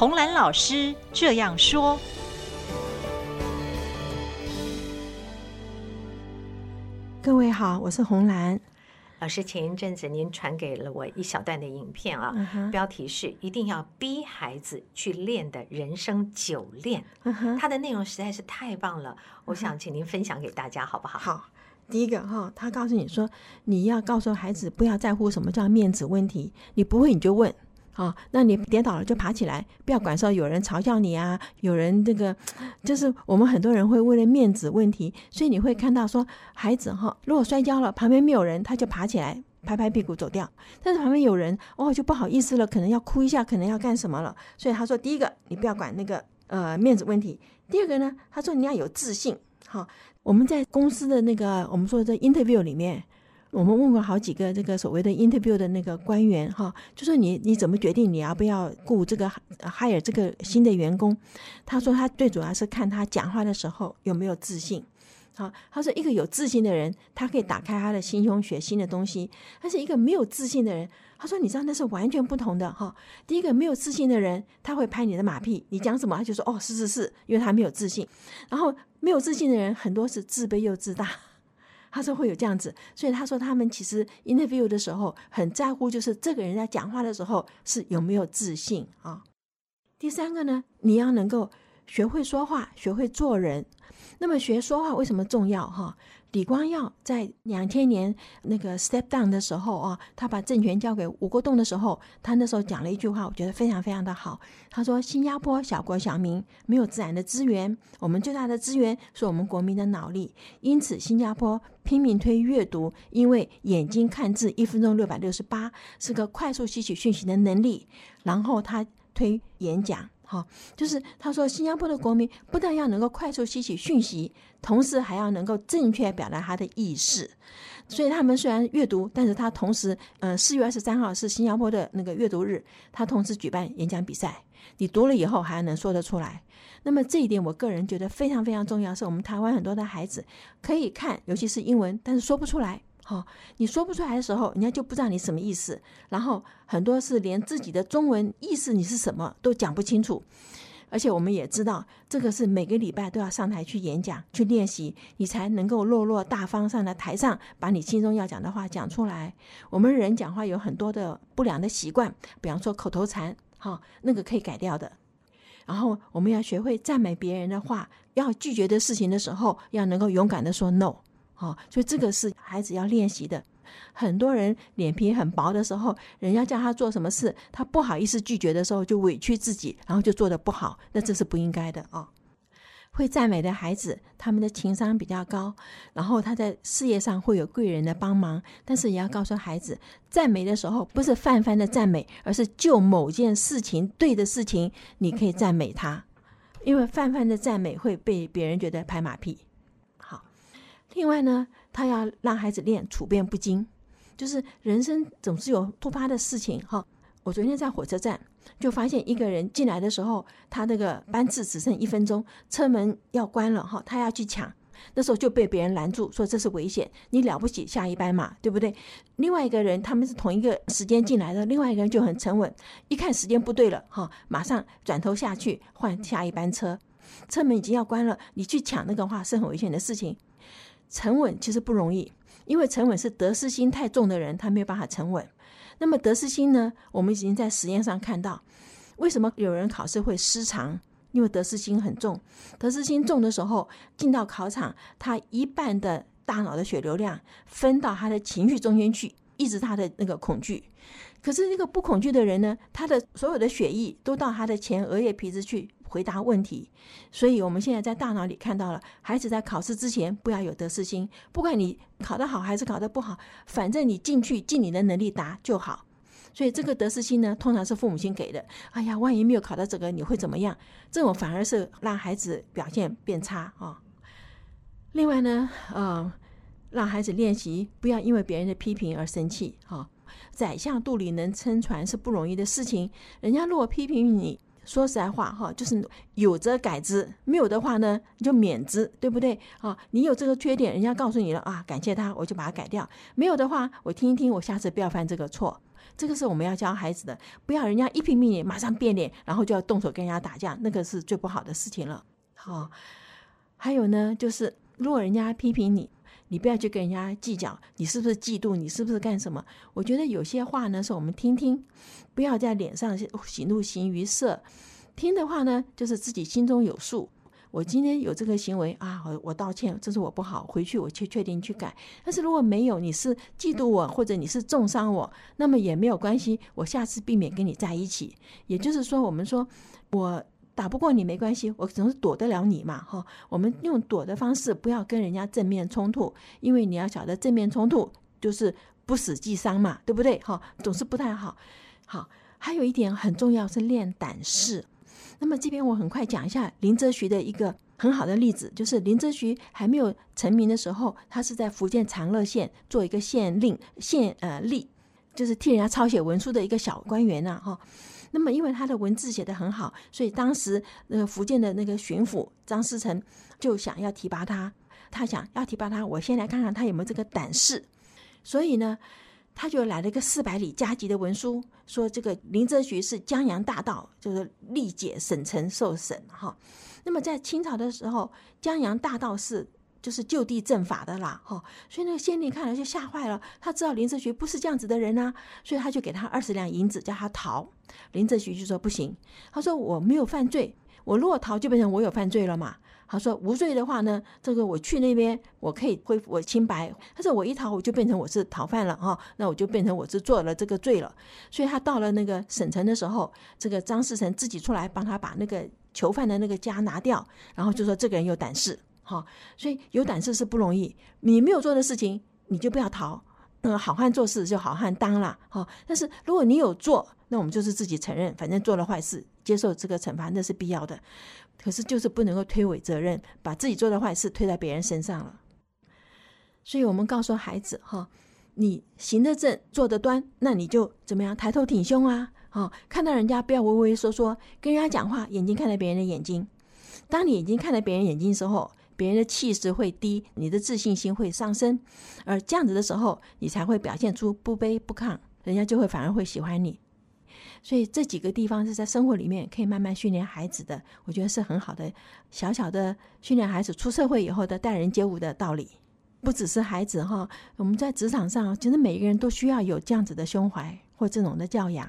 洪蘭老師這樣說：“各位好，我是洪蘭老師。前一陣子您傳給了我一小段的影片啊，uh huh. 標題是‘一定要逼孩子去練的人生九練’，他、uh huh. 的內容實在是太棒了。我想請您分享給大家，好不好？”“ uh huh. 好，第一個哈、哦，他告訴你說，你要告訴孩子不要在乎什麼叫面子問題，你不會你就問。”啊，那你跌倒了就爬起來，不要管說有人嘲笑你啊，有人這個，就是我們很多人會為了面子問題，所以你會看到說孩子哈，如果摔跤了，旁邊沒有人，他就爬起來，拍拍屁股走掉；但是旁邊有人哦，就不好意思了，可能要哭一下，可能要幹什麼了。所以他說，第一個你不要管那個呃面子問題，第二個呢，他說你要有自信。好，我們在公司的那個我們說在 interview 裡面。我們問過好幾個這個所謂的 interview 的那個官員哈，就說你你怎麼決定你要不要雇這個 hire 這個新的員工？他說他最主要是看他講話的時候有沒有自信。好，他說一個有自信的人，他可以打開他的心胸學新的東西，但是一個沒有自信的人，他說你知道那是完全不同的哈。第一個沒有自信的人，他會拍你的馬屁，你講什麼他就說哦是是是，因為他沒有自信。然後沒有自信的人很多是自卑又自大。他說會有這樣子，所以他說他們其實 interview 的時候很在乎，就是這個人在講話的時候是有沒有自信啊。第三個呢，你要能夠。學會說話，學會做人。那麼學說話為什麼重要？哈，李光耀在兩千年那個 step down 的時候啊，他把政權交給吳作棟的時候，他那時候講了一句話，我覺得非常非常的好。他說：“新加坡小國小民，沒有自然的資源，我們最大的資源是我們國民的腦力。因此，新加坡拼命推閱讀，因為眼睛看字一分鐘六百六十八，是個快速吸取訊息的能力。然後他。”推演講哈、哦，就是他說新加坡的國民不但要能夠快速吸取訊息，同時還要能夠正確表達他的意思。所以他們雖然閱讀，但是他同時，嗯、呃，四月二十三號是新加坡的那個閱讀日，他同時舉辦演講比賽。你讀了以後還要能說得出來。那麼這一點我個人覺得非常非常重要，是我們台灣很多的孩子可以看，尤其是英文，但是說不出來。好、哦，你說不出來的時候，人家就不知道你什麼意思。然後很多是連自己的中文意思你是什麼都講不清楚。而且我們也知道，這個是每個禮拜都要上台去演講、去練習，你才能夠落落大方上到台上，把你心中要講的話講出來。我們人講話有很多的不良的習慣，比方說口頭禪，哈、哦，那個可以改掉的。然後我們要學會讚美別人的話，要拒絕的事情的時候，要能夠勇敢的說 no。哦，所以這個是孩子要練習的。很多人臉皮很薄的時候，人家叫他做什麼事，他不好意思拒絕的時候，就委屈自己，然後就做得不好，那這是不應該的啊，哦。會讚美的孩子，他們的情商比較高，然後他在事業上會有貴人的幫忙。但是也要告訴孩子，讚美的時候不是泛泛的讚美，而是就某件事情對的事情，你可以讚美他，因為泛泛的讚美會被別人覺得拍馬屁。另外呢，他要讓孩子練處變不驚，就是人生總是有突發的事情哈。我昨天在火車站就發現一個人進來的時候，他那個班次只剩一分鐘，車門要關了哈，他要去搶，那時候就被別人攔住，說這是危險，你了不起，下一班嘛，對不對？另外一個人他們是同一個時間進來的，另外一個人就很沉穩，一看時間不對了哈，馬上轉頭下去換下一班車，車門已經要關了，你去搶那個話是很危險的事情。沉穩其實不容易，因為沉穩是得失心太重的人，他沒有辦法沉穩。那麼得失心呢？我們已經在實驗上看到，為什麼有人考試會失常？因為得失心很重。得失心重的時候，進到考場，他一半的大腦的血流量分到他的情緒中間去，抑制他的那個恐懼。可是那個不恐懼的人呢，他的所有的血液都到他的前額葉皮質去回答問題，所以我們現在在大腦裡看到了，孩子在考試之前不要有得失心，不管你考得好還是考得不好，反正你進去盡你的能力答就好。所以這個得失心呢，通常是父母親給的。哎呀，萬一沒有考到這個，你會怎麼樣？這種反而是讓孩子表現變差啊、哦。另外呢，嗯、呃，讓孩子練習不要因為別人的批評而生氣哈。哦宰相肚裡能撐船是不容易的事情。人家如果批評你，說實在話哈，就是有則改之，沒有的話呢，你就免之，對不對啊？你有這個缺點，人家告訴你了啊，感謝他，我就把它改掉。沒有的話，我聽一聽，我下次不要犯這個錯。這個是我們要教孩子的，不要人家一批評你，馬上變臉，然後就要動手跟人家打架，那個是最不好的事情了。哈，還有呢，就是如果人家批評你。你不要去跟人家計較，你是不是嫉妒，你是不是幹什麼？我覺得有些話呢，是我們聽聽，不要在臉上喜怒形於色。聽的話呢，就是自己心中有數。我今天有這個行為啊，我我道歉，這是我不好，回去我確確定去改。但是如果沒有，你是嫉妒我，或者你是中傷我，那麼也沒有關係，我下次避免跟你在一起。也就是說，我們說我。打不過你沒關係，我總是躲得了你嘛，哈。我們用躲的方式，不要跟人家正面衝突，因為你要曉得正面衝突就是不死即傷嘛，對不對？哈，總是不太好。好，還有一點很重要是練膽識。那麼這邊我很快講一下林則徐的一個很好的例子，就是林則徐還沒有成名的時候，他是在福建長樂縣做一個縣令，縣呃吏，就是替人家抄寫文書的一個小官員吶，啊，哈。那麼，因為他的文字寫得很好，所以當時呃福建的那個巡撫張師誠就想要提拔他。他想要提拔他，我先來看看他有沒有這個膽識，所以呢，他就來了一個四百里加急的文書，說這個林則徐是江洋大盜，就是力解省城受審哈。那麼在清朝的時候，江洋大盜是，就是就地正法的啦，哈、哦！所以那個縣令看了就嚇壞了，他知道林則徐不是這樣子的人啊，所以他就給他二十兩銀子，叫他逃。林則徐就說不行，他說我沒有犯罪，我如果逃就變成我有犯罪了嘛。他說無罪的話呢，這個我去那邊，我可以恢復我清白，他說我一逃我就變成我是逃犯了哈、哦，那我就變成我是做了這個罪了。所以他到了那個省城的時候，這個張士誠自己出來幫他把那個囚犯的那個枷拿掉，然後就說這個人有膽識。好、哦，所以有膽識是不容易。你沒有做的事情，你就不要逃。嗯、呃，好漢做事就好漢當啦。哈、哦，但是如果你有做，那我們就是自己承認，反正做了壞事，接受這個懲罰那是必要的。可是就是不能夠推諉責任，把自己做的壞事推在別人身上了。所以我們告訴孩子，哈、哦，你行得正，坐得端，那你就怎麼樣，抬頭挺胸啊，好、哦，看到人家不要畏畏縮縮，跟人家講話，眼睛看着別人的眼睛。當你眼睛看着別人眼睛的時候，別人的氣勢會低，你的自信心會上升，而這樣子的時候，你才會表現出不卑不亢，人家就會反而會喜歡你。所以這幾個地方是在生活裡面可以慢慢訓練孩子的，我覺得是很好的，小小的訓練孩子出社會以後的待人接物的道理，不只是孩子哈，我們在職場上，其實每一個人都需要有這樣子的胸懷，或這種的教養。